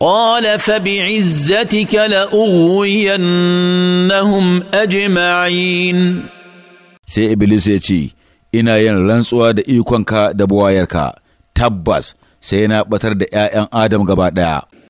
قال فبعزتك لأغوينهم أجمعين sai Iblis ya ce, Ina yin rantsuwa da ikonka da buwayarka, tabbas sai na ɓatar da ’ya'yan Adam gaba ɗaya.